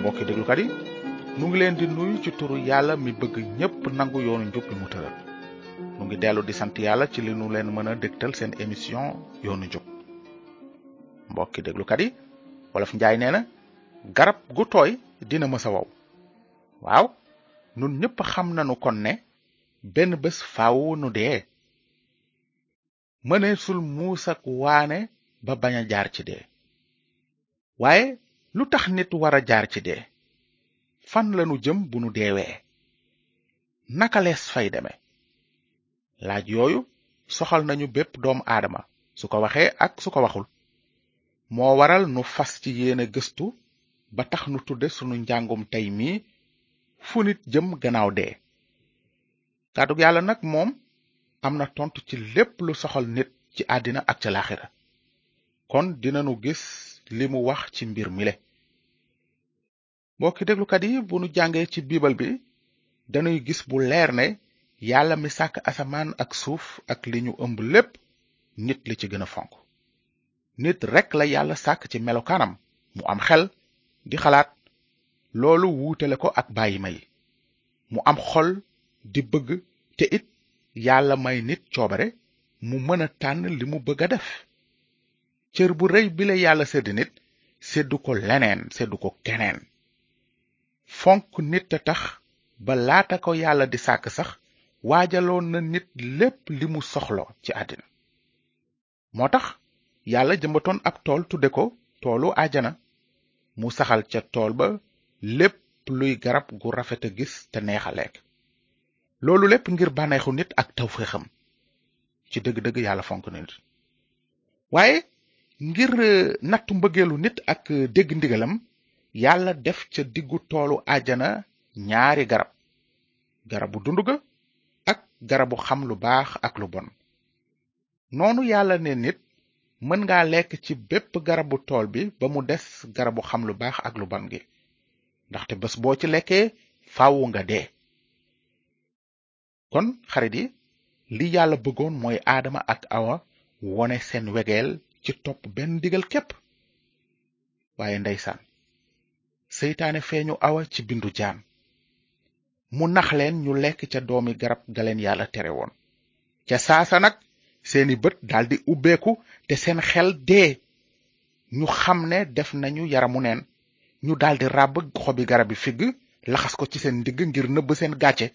mbokki déglukat yi nu ngi leen di nuyu ci turu yàlla mi bëgg ñépp nangu yoonu njub bi mu tëral nu ngi dellu di sant yàlla ci li nu leen mën a dégtal seen émission yoonu njub mbokki déglukat yi wolof njaay nee na garab gu tooy dina mës a wow waaw nun ñépp xam nanu kon ne benn bés faaw nu dee mëneesul muus ak waane ba bañ a jaar ci dee waaye lu tax nit wara jaar ci dee fan lanu jëm bu nu deewee naka lees fay deme laaj yooyu soxal nañu bépp doom aadama su ko waxee ak su ko waxul moo waral nu fas ci yéene gëstu ba tax nu tudde sunu njàngum tey mii fu nit jëm gannaaw dee kàddug yàlla nag moom am na tontu ci lépp lu soxal nit ci àddina ak ca laaxira kon dinanu gis li mu wax ci mbir mile mbokki déglukat yi bu nu jàngee ci biibal bi danuy gis bu leer ne yàlla mi sàkk asamaan ak suuf ak li ñu ëmb lépp nit li ci gën a fonk nit rekk la yàlla sàkk ci melokaanam mu am xel di xalaat loolu wuutale ko ak bàyyi may mu am xol di bëgg te it yàlla may nit coobare mu mën a tànn li mu bëgg a def cër bu rëy bi yàlla sedd nit seddu ko leneen seddu ko keneen fonk nit a tax ba laata ko yàlla di sàkk sax waajaloon na nit lépp li mu soxla ci àddina moo tax yàlla jëmbatoon ab tool tudde ko toolu ajana mu saxal ca tool ba lépp luy garab gu rafet a gis te neex lekk loolu lépp ngir bànneexu nit ak tawféexam ci dëgg-dëgg yàlla fonk na nit waaye ngir euh, nattu mbëggeelu nit ak euh, dégg ndigalam yàlla def ca diggu toolu àjjana ñaari garab garabu dund ak garabu xam lu baax ak lu bon noonu yàlla ne nit mën nga lekk ci bépp garabu tool bi ba mu des garabu xam lu baax ak lu bon gi ndaxte bés boo ci lekkee faawu nga dee kon xarit yi li yàlla bëggoon mooy aadama ak awa wone seen wegeel ci topp benn ndigal képp waaye ndeysaan seytaane feeñu awa ci bindu jaam mu nax leen ñu lekk ca doomi garab leen yàlla tere woon ca saasa nag seeni bët daldi ubbeeku te seen xel dee ñu xam ne def nañu yaramu neen ñu daldi ràbb xobi garabi figg laxas ko ci seen ndigg ngir nëbb seen gàcce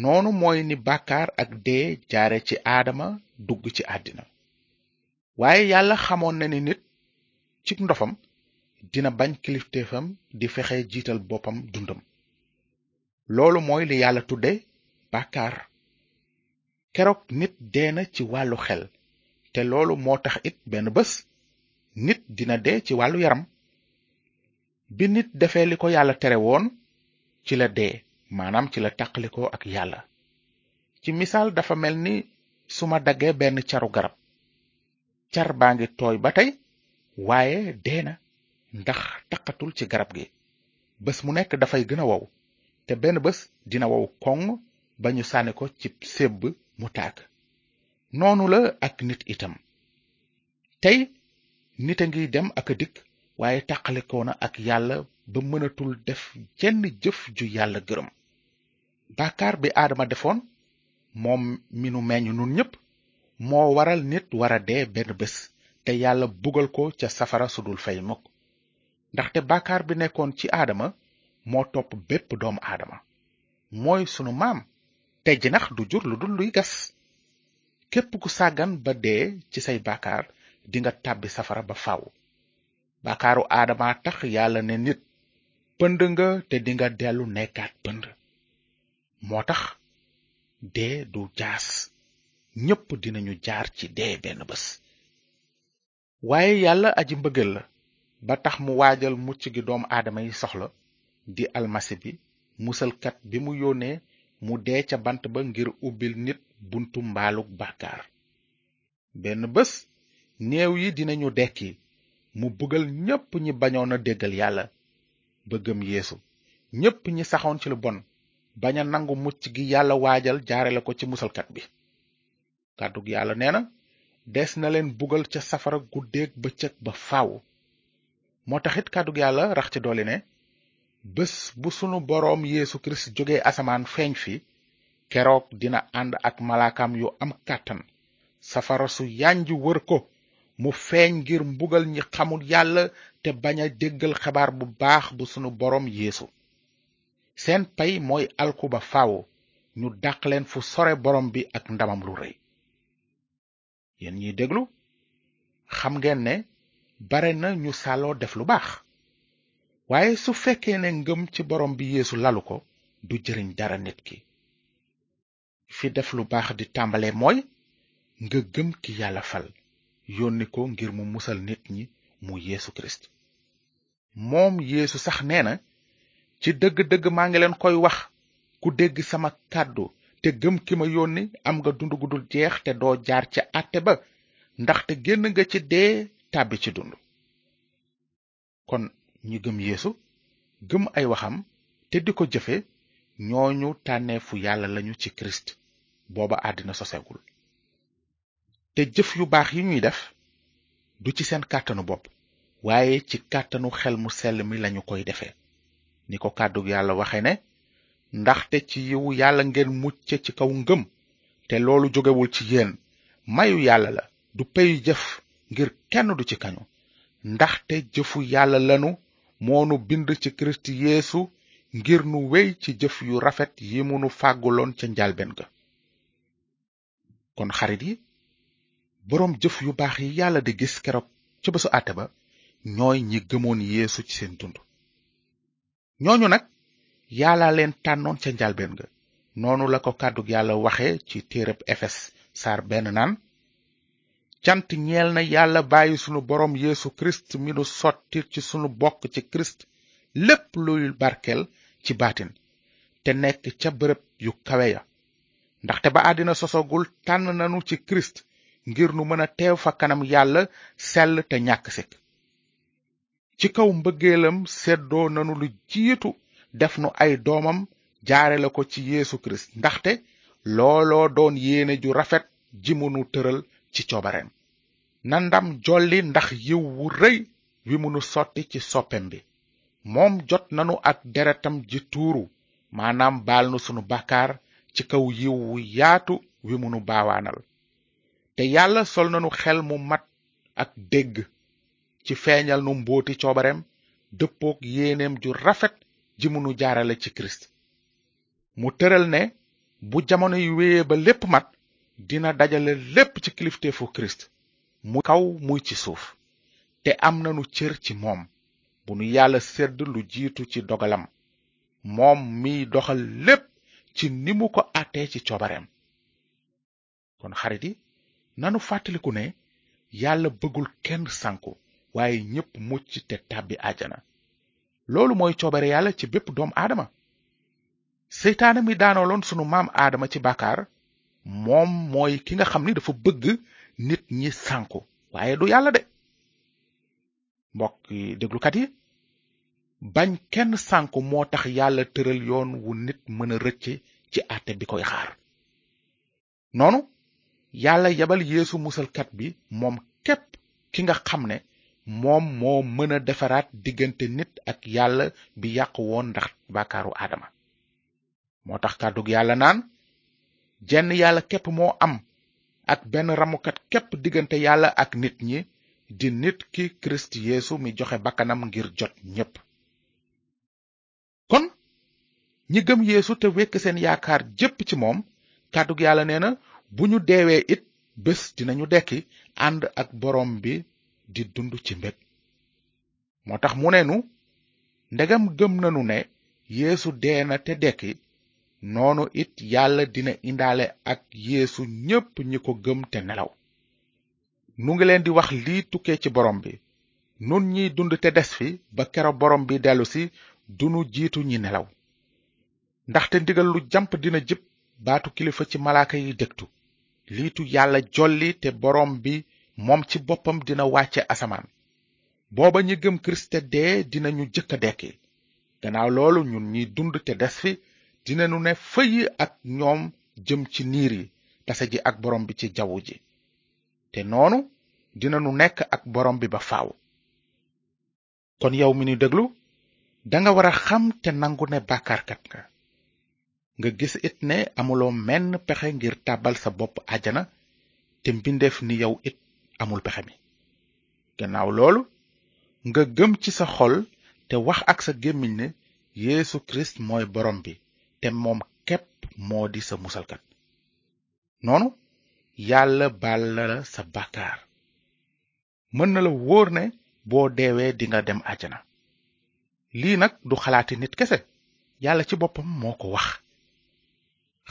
noonu mooy ni bàkkaar ak dee jaare ci aadama dugg ci àddina waaye yàlla xamoon na ni nit ci ndofam dina bañ kilifteefam di fexe jiital boppam dundam loolu mooy li yàlla tudde bàkkaar keroog nit dee na ci wàllu xel te loolu moo tax it benn bés nit dina dee ci wàllu yaram bi nit defee li ko yàlla tere woon ci la dee maanaam ci la tàqalikoo ak yàlla ci misaal dafa mel ni su ma daggee benn caru garab car baa ngi tooy ba tey waaye dee na ndax taqatul ci garab gi bés mu nekk dafay gën a wow te benn bés dina wow koŋ ba ñu sànni ko ci sébb mu tàkk noonu la ak nit itam tey nit a ngi dem ak a dikk waaye tàqalikoona ak yàlla ba mënatul def jenn jëf ju yàlla gërëm bàkkaar bi aadama defoon moom mi nu meññ nun ñépp moo waral nit wara dee benn bés te yàlla bugal ko ca safara sudul fay mukk ndaxte bàkkaar bi nekkoon ci aadama moo topp bépp doomu aadama mooy sunu maam te jinax du jur lu dul luy gas képp ku sàggan ba dee ci say bàkkaar dinga tàbbi safara ba faw bàkkaaru aadama tax yàlla ne nit pënd nga te dinga dellu nekkaat pënd moo tax dee du jaas ñépp dinañu jaar ci dee waaye yàlla aji mbëggal la ba tax mu waajal mucc gi doomu aadama yi soxla di almasi bi musalkat bi mu yónnee mu dee ca bant ba ngir ubbil nit buntu mbaalug bàkkaar benn bés néew yi dinañu dekki mu bugal ñépp ñi bañoona déggal yàlla bëggam yéesu ñépp ñi saxoon ci lu bon bañ nangu mucc gi yàlla waajal jaare la ko ci musalkat bi kàddug yàlla nee na des na leen bugal ca safara guddeeg bëccëg ba faaw moo taxit it yàlla rax ci dolli ne bés bu sunu boroom yeesu kirist jóge asamaan feeñ fi keroog dina ànd ak malaakam yu am kàttan safara su yànj wër ko mu feeñ ngir mbugal ñi xamul yàlla te bañ a déggal xabaar bu baax bu sunu boroom yeesu seen pay mooy alku ba faaw ñu dàq leen fu sore borom bi ak ndamam lu rëy yéen ñiy déglu xam ngeen ne bare na ñu sàlloo def lu baax waaye su fekkee ne ngëm ci borom bi yeesu lalu ko du jëriñ dara nit ki fi def lu baax di tàmbalee mooy nga gëm ki yàlla fal yónni ko ngir mu musal nit ñi mu yéesu kirist moom yéesu sax nee na ci dëgg-dëgg maa ngi leen koy wax ku dégg sama kàddu te gëm ki ma yónni am nga dund gu jeex te doo jaar ca àtte ba ndaxte génn nga ci dee tàbbi ci dund kon ñi gëm yéesu gëm ay waxam te di ko jëfe ñoo ñu tànneefu yàlla lañu ci kirist booba àddina sosegul te jëf yu baax yi ñuy def du ci seen kàttanu bopp waaye ci kàttanu xel mu sell mi lañu koy defe ni ko kàddug yàlla waxe ne ndaxte ci yiwu yàlla ngeen mucce ci kaw ngëm te loolu jógewul ci yéen mayu yàlla la du peyu jëf ngir kenn du ci kañu ndaxte jëfu yàlla lanu moonu bind ci kirist yeesu ngir nu wéy ci jëf yu rafet yi mënu fàgguloon ca njalbeen ga kon xarit yi boroom jëf yu baax yi yàlla di gis keroog ca bésu àtte ba ñooy ñi gëmoon yéesu ci seen dund ñooñu nag yàlla leen tànnoon ca njalbeen ga noonu la ko kàddu yàlla waxe ci téereb efes saar benn naan cant ñeel na yàlla bàyyi sunu boroom yéesu kirist mi nu sottil ci sunu bokk ci kirist lépp luy barkel ci baatin te nekk ca bërëb yu kawe ya ndaxte ba àddina sosogul tànn nanu ci kirist ngir nu mën a teew fa kanam yàlla sell te ñàkk sikk ci kaw mbëggeelam seddoo nanu lu jiitu def nu ay doomam jaare la ko ci yeesu kirist ndaxte looloo doon yéene ju rafet ji mu tëral ci coobareem na ndam jolli ndax yiw wu rëy wi mu sotti ci soppem bi moom jot nanu ak deretam ji tuuru maanaam baal nu sunu bàkkaar ci kaw yiw wu yaatu wi mënu nu baawaanal te yàlla sol nanu xel mu mat ak dégg ci feeñal nu mbooti coobareem dëppook yéeneem ju rafet ji nu jaarale ci kirist mu tëral ne bu jamono yu wéyee ba lépp mat dina dajale lépp ci kilifteefu kirist mu kaw muy ci suuf te am nanu cër ci moom bu nu yàlla sedd lu jiitu ci dogalam moom mi doxal lépp ci ni mu ko àttee ci coobareem kon xarit yi nanu fàttaliku ne yàlla bëggul kenn sanku waaye ñépp mucc te tàbbi àjjana loolu mooy coobare yàlla ci bépp doom aadama seytaane mi daanooloon sunu maam aadama ci bàkkaar moom mooy ki nga xam ni dafa bëgg nit ñi sànku waaye du yàlla de mbokk déglukat yi bañ kenn sànku moo tax yàlla tëral yoon wu nit mën a rëcce ci àtte bi koy xaar noonu yàlla yabal yeesu musalkat bi moom képp ki nga xam ne moom moo mën a defaraat diggante nit ak yàlla bi yàq woon ndax bàkkaaru aadama moo tax kàddug yàlla naan jenn yàlla képp moo am ak benn ramukat képp diggante yàlla ak nit ñi di nit ki kirist yeesu mi joxe bakkanam ngir jot ñépp kon ñi gëm yeesu te wekk seen yaakaar jépp ci moom kàddug yàlla nee na bu ñu deewee it bés dinañu dekki ànd ak boroom bi di dund ci mbég moo tax mu nu ndegam gëm nanu ne yéesu dee na te dekki noonu it yàlla dina indaale ak yéesu ñépp ñi ko gëm te nelaw nu ngi leen di wax lii tukkee ci borom bi nun ñiy dund te des fi ba kero borom bi dellusi dunu jiitu ñi nelaw ndaxte ndigal lu jamp dina jëp baatu kilifa ci malaaka yi dëktu liitu yàlla jolli te borom bi moom ci boppam dina wàcce asamaan booba ñi gëm kiriste dee dinañu jëkk a dekki gannaaw loolu ñun ñi dund te des fi ñu ne fëyi ak ñoom jëm ci niir yi tase ji ak borom bi ci jaww ji te noonu dinañu nekk ak borom bi ba faaw kon yow mi nu déglu danga war a xam te nangu ne bàkkaarkat nga nga gis it ne amuloo menn pexe ngir tàbbal sa bopp àjjana te mbindeef ni yow it amul pexe mi gannaaw loolu nga gëm ci sa xol te wax ak sa gémmiñ ne Yeesu Kirist mooy borom bi te moom képp moo di sa musalkat noonu yàlla baal na la sa bàkkaar mën na la wóor ne boo deewee dinga dem àjjana lii nag du xalaati nit kese yàlla ci boppam moo ko wax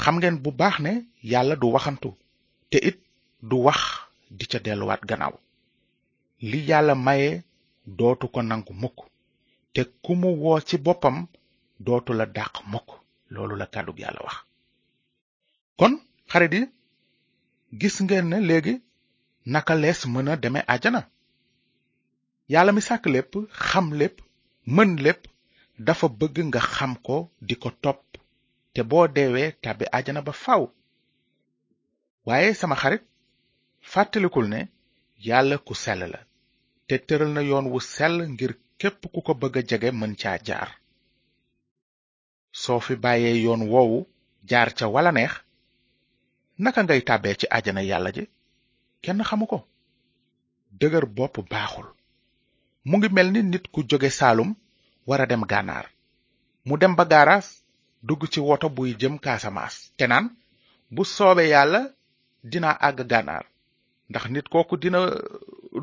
xam ngeen bu baax ne yàlla du waxantu te it du wax di ca delluwaat gannaaw li yàlla maye dootu ko nangu mukk te ku mu woo ci boppam dootu la dàq mukk loolu la kàddug yàlla wax kon xarit yi gis ngeen ne léegi naka lees mën a deme àjjana yàlla mi sàkk lépp xam lépp mën lépp dafa bëgg nga xam ko di ko topp te boo deewee tàbbi àjjana ba faw waaye sama xarit fàttalikul ne yàlla ku sell la te tëral na yoon wu sell ngir képp ku ko bëgg a jege mën caa jaar soo fi bàyyee yoon woowu jaar ca wala neex naka ngay tàbbee ci àjjana yàlla ji kenn xamu ko dëgër bopp baaxul mu ngi mel ni nit ku jóge saalum war a dem gànnaar mu dem ba gaaraas dugg ci woto buy jëm kaasamaas te naan bu soobe yàlla dina àgg gànnaar ndax nit kooku dina uh,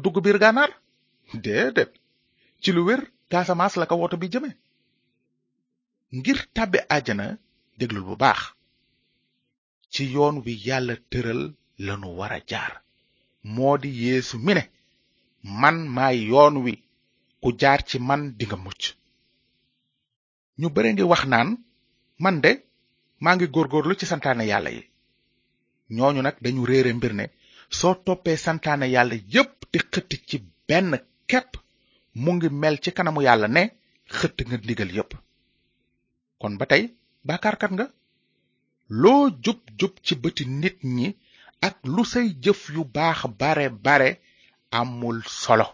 dugg biir gànnaar déedéet ci lu wér Casamance la ko woto bi jëme ngir tàbbi àjjana déglul bu baax ci yoon wi yàlla tëral lanu war a jaar moo di yeesu mine ne man yoon wi ku jaar ci man dinga mucc ñu bare ngi wax naan man de maa ngi góorgóorlu ci santaane yàlla yi ñooñu nag dañu réere mbir ne soo toppee santaane yàlla yépp di xëtt ci benn képp mu ngi mel ci kanamu yàlla ne xëtt nga ndigal yépp kon ba tey baakaarkat nga loo jub jub ci bëti nit ñi ak lu say jëf yu baax bare bare amul solo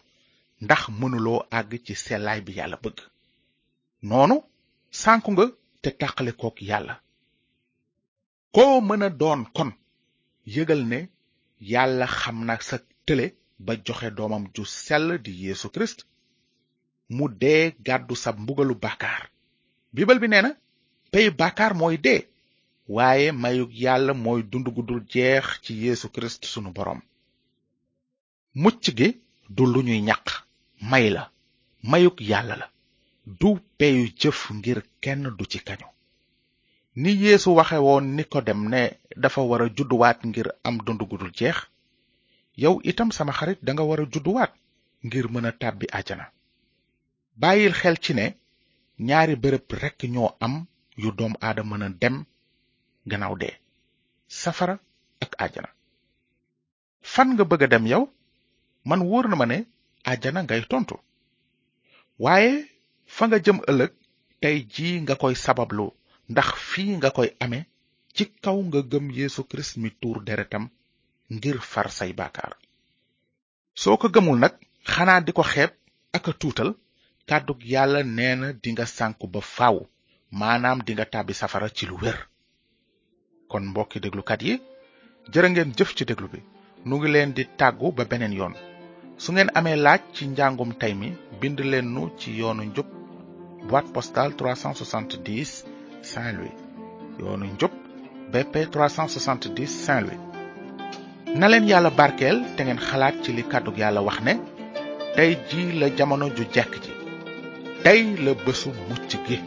ndax mënuloo àgg ci sellaay bi yàlla bëgg noonu sànku nga te tàqale kook yàlla koo mën doon kon yëgal ne yàlla xam na sa tële ba joxe doomam ju sell di yeesu kirist mu dee gàddu sa mbugalu bàkkaar biibal bi nee na peyu bàkkaar mooy dee waaye mayug yàlla mooy dund gu dul jeex ci yéesu kirist sunu boroom mucc gi du lu ñuy ñaq may la mayug yàlla la du peyu jëf ngir kenn du ci kañu ni yeesu waxe woon dem ne dafa war a judduwaat ngir am dund gudul jeex yow itam sama xarit danga war a judduwaat ngir mën a tàbbi àjjana bàyyil xel ci ne ñaari bërëb rekk ñoo am yu doom aada mën a dem gannaaw dee safara ak àjjana fan nga bëgg a dem yow man wóor na ma ne àjjana ngay tontu waaye fa nga jëm ëllëg tey ji nga koy sabablu ndax fii nga koy amee ci kaw nga gëm Yesu Kirist mi tuur deretam ngir far say baakaar soo ko gëmul nag xanaa di ko xeep ak a tuutal kàddug yàlla nee na dinga sànku ba faaw maanaam dinga tàbbi safara ci lu wér kon mbokki déglukat yi jërë ngeen jëf ci déglu bi nu ngi leen di tàggu ba beneen yoon su ngeen amee laaj ci njàngum tey mi bind leen nu ci yoonu njub boîte postale 370 Saint-Louis yoonu njub BP 370 Saint-Louis na leen yàlla barkeel te ngeen xalaat ci li kàddug yàlla wax ne tey ji la jamono ju jekk ji tey la bésu mucc gi